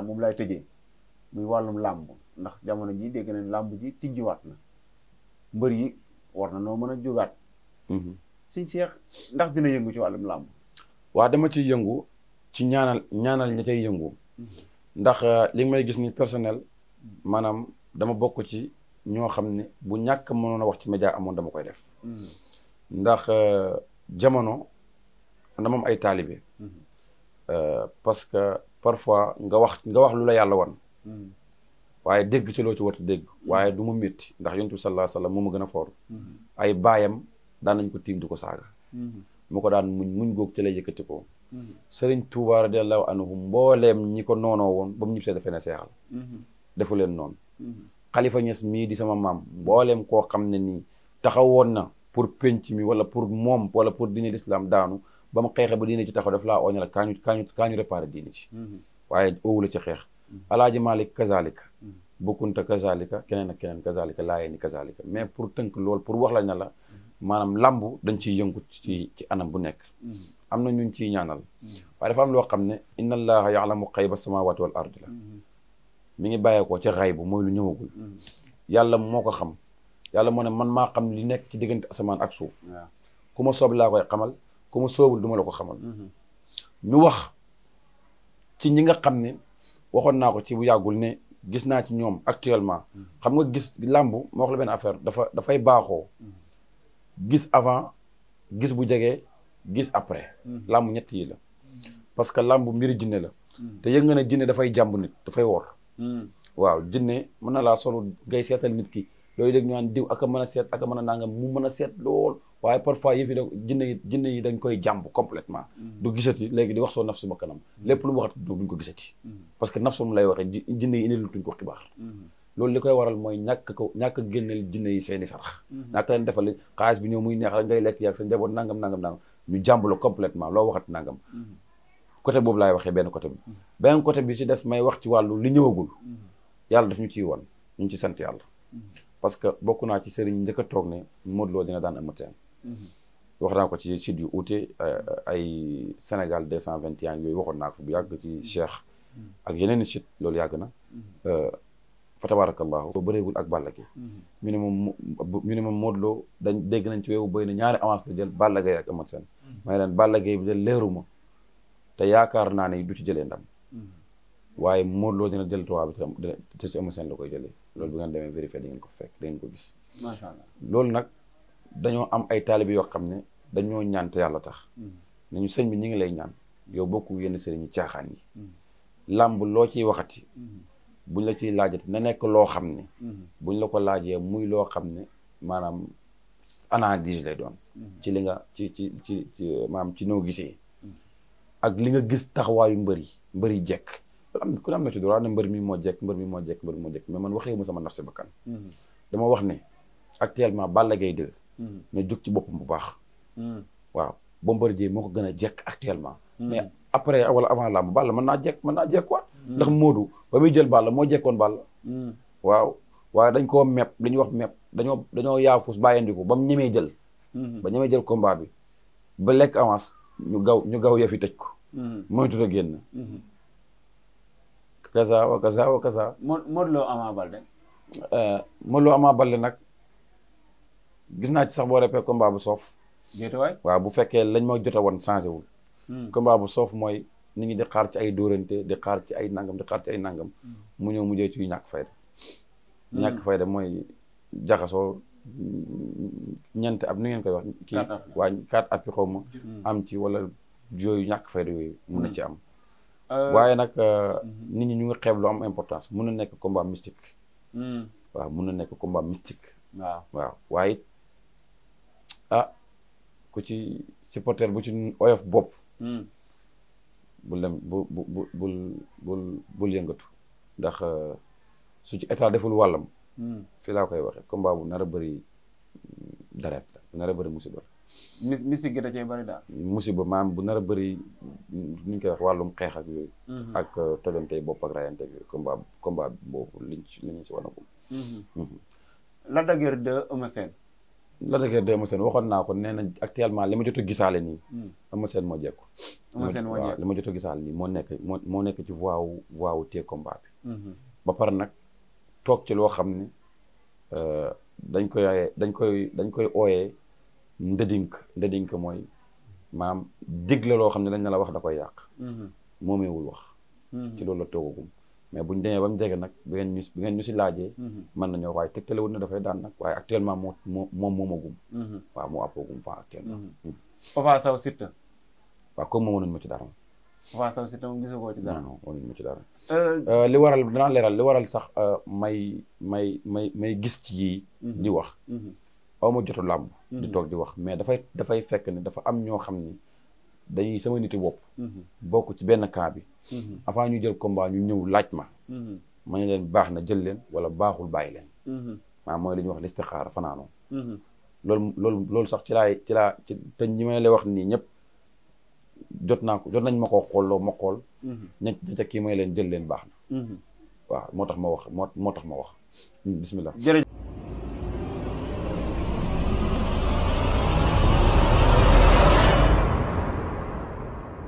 xam moom laay tëjee muy wàllum làmb ndax jamono ji dégg nañ làmb ji tijjiwaat na mbër yi war na noo mën a jógaat mhm. siñ seex ndax dina yëngu ci wàllum làmb waa dama ciy yëngu ci ñaanal ñaanal ñi tey yëngu mhm. ndax euh, li may gis ni personnel maanaam dama bokk ci ñoo xam ne bu ñàkk mënoon a wax ci média amoon dama koy def mhm. ndax euh, jamono dama am ay taalibe euh, parce parfois nga wax nga wax lu la yàlla wan hmm. waaye dégg ci loo ci war dégg hmm. waaye du mu métti ndax yonent bi sallallahu alayhi wa sallam moo ma gën a foor hmm. ay baayam daan nañ ko tiim du ko saaga mu ko daan muñ muñ goog ci lay yëkkati ko sëriñ Tuubaa radiyallahu anhu mbooleem ñi ko noonoo woon ba mu ñib see na ne seexal defu leen noonu xalifa ñes mii di sama maam mbooleem koo xam ne nii taxawoon na pour penc mi wala pour moom wala pour diine l'islam daanu ba mu xeexee ba diine ci taxaw daf laa ooña la kaa ñu kaa ñu kaa ñu réparé diine ci mhm. waaye oowula ci xeex mhm. alaaji Malik kazalika mhm. bukkunta kazalika keneen ak keneen laa laayee ni kazalika mais pour tënk loolu pour wax la ne la maanaam lambu dañ ciy yëngu ci ci anam bu nekk am na ñun ciy ñaanal waaye dafa am loo xam ne inna allaha yaalamu xayba samawati wal ardi la mu ngi bàyyeekoo ci xay bu mooy lu ñëwagul yàlla moo ko xam yàlla moo ne man maa xam li nekk ci diggante asamaan ak suuf ku ma soob xamal comme ma soobul ma la ko xamal. ñu wax ci ñi nga xam ne waxoon naa ko ci bu yàggul ne gis naa ci ñoom actuellement. xam nga gis làmb ma wax la benn affaire dafa dafay baaxoo. gis avant gis bu jege gis après. làmb ñett yi la. parce que làmb mbir jinne la. te yëg nga ne jinne dafay jàmb nit dafay wor. waaw jinne mën na laa solu ngay seetal nit ki. loolu dégg ñu naan diw ak mën a seet ak mën a nangam mu mën a seet lool. waaye parfois yëf yi da jinne yi yi dañ koy jàmb complètement mm. du gisati léegi di wax soo nafsu ba kanam mm. lépp lu mu waxat duñ ko gisati mm. parce que nafsum lay waxe jinne yi indil tuñ ko loolu li koy waral mooy ñàkk ko ñàkk a génneel jinne yi seeni sarax mm-hmm. ñàkk leen defal xaalis bi ñëw muy neex lañ day lekk yaag sa njaboot nangam nangam nangam ñu jàmblo complètement loo waxat nangam mm-hmm. côté boobu laay waxee benn côté bi mm-hmm. benn côté bi si des may wax ci wàllu li ñëwagul yàlla daf ñu ciy woon ñu ci sant yàlla parce que bokk naa ci sëriñ njëkk a toog ne Modou Lo dina daan Eumeu Sène wax naa ko ci site yu uute euh, ay Sénégal deux cent vingt et un waxoon naa ko bu yàgg ci Cheikh ak yeneen i site loolu yàgg na euh, fa tabarakallahu ba bëreegul ak Balla Gaye ñu ne moom ñu ne moom Modou Lo dañ dégg nañ ci weewu béy ñaari avance la jël bala Gaye ak Eumeu Sène may leen Balla Gaye bi de leeruma te yaakaar naa ne du ci jëlee ndam waaye Modou Lo dina jël tuwaa bi te ci Eumeu Sène la koy jëlee loolu bi ngeen demee vérifier da ngeen ko fekk da ngeen ko gis macha nag dañoo am ay taalibe yoo xam ne dañoo ñaan te yàlla tax hmm. nañu sëñ bi ñu ngi lay ñaan yow bokku yenn sëriñ caaxaan yi hmm. làmb loo ciy waxati hmm. buñ la ciy laajati na nekk loo xam ne buñ la ko laajee muy loo xam ne maanaam analyse lay doon ci li nga ci ci ci ci maanaam ci noo gisee ak li nga gis taxawaayu mbër yi mbër yi jekk am ku ne am na ci droit ne mbër mi moo jekk mbër mi moo jekk mbër mi moo mais man waxee mu sama naf si bakkan dama wax ne actuellement Balla Gaye Mm. mais jóg ci boppam bu baax. Mm. waaw Bombardier moo ko gën a jekk actuellement. Mm. mais après wala avant làmb Balla mën naa jekk mën naa jekk quoi. ndax Modou ba muy jël Balla moo jekkoon Balla. waaw waaye dañ koo mepp li wax mepp dañoo dañoo yaafus bàyyandiku ba mu ñemee jël. Mm-hmm. ba ñemee jël combat bi ba lekk avance ñu gaw ñu gaw yëfi tëj ko. Mm-hmm. moytu a génn. Mm-hmm. kaza wa kaza wa kaza. Modou Lo Ama Baldé. Euh, Modou Lo Ama nag. gis naa ci sax boo repee combat bu soof waaw bu fekkee lañ ma jot a woon changé wul hmm. combat bu soof mooy nit ñi di xaar ci ay dóorante di xaar ci ay nangam di xaar ci ay nangam hmm. mu ñëw mujjee ci ñàkk fayda hmm. ñàkk fayda mooy jaxasoo ñeent ab ni ngeen koy wax kii waa quatre xaw ma am ci wala yooyu ñàkk fayda yooyu mun na ci am euh, waaye nag euh, nit ñi ñu ngi xeeb lu am importance mun na nekk combat mystique waaw na nekk combat mystique waaye ah ku ci supporter bu ci oyof bopp. Hmm. bul dem bu bu bul bul yëngatu ndax eh, su ci état deful wàllam. Hmm. fii laa koy waxee combat bu nara a bëri hmm, deret la bu nar a musiba. mi misik gi da cee bëri daal. musiba maam bu nar a bëri nu koy wax wàllum xeex ak yooyu. ak eh, tojantey bopp ak rayante ak yooyu boobu liñ ñu si wan a Lac de Guiers 2 Eumeu la dëgg de Eumeu Sène waxoon naa ko nee na actuellement li ma jot a gisaale nii. Hmm. Eumeu Sène moo jekku. Eumeu Sène li ma jot a gisaale nii moo nekk moo moo nekk ci voie wu voie wu hmm. ba pare nag toog ci loo xam ne euh, dañ koy dañ koy dañ koy ooyee ndëdink ndëdink mooy maam digle loo xam ne dañ na la wax da koy yàq. Hmm. moomeewul wax. ci loolu la toogagum. bu ñu demee ba mu jege nag bi ngeen ñu bi ngeen ñu si laajee mhm. mën nañoo waaye tegtale wut na dafay daan nag waaye actuellement moo moo moom moomagum mhm. waaw moo àppoogum fan actuellement mhm. Papa Sow Siteu moom ma ci dara Papa Sow Siteu moom gisagoo ci dara non mënuñu ma ci dara euh, euh, li waral danaa leeral li waral sax euh, may may may may gis ci yii di wax aw ma jotu làmb di toog di wax mais dafay dafay fekk ne dafa am ñoo xam ni dañuy sama niti bopp. Mhm. bokk ci benn camp bi. Mhm. avant ñu jël combat ñu ñëw laaj ma. Mhm. ma ne leen baax na jël leen wala baaxul bàyyi leen. maanaam mooy li ñuy wax listixaara fanaanoo. loolu loolu loolu sax ci laay ci laa ci te ñi may lay wax nii ñëpp jot naa ko jot nañ ma koo xooloo ma xool. ña kii may leen jël leen baax na. waaw moo tax ma wax moo moo tax ma wax bismillah.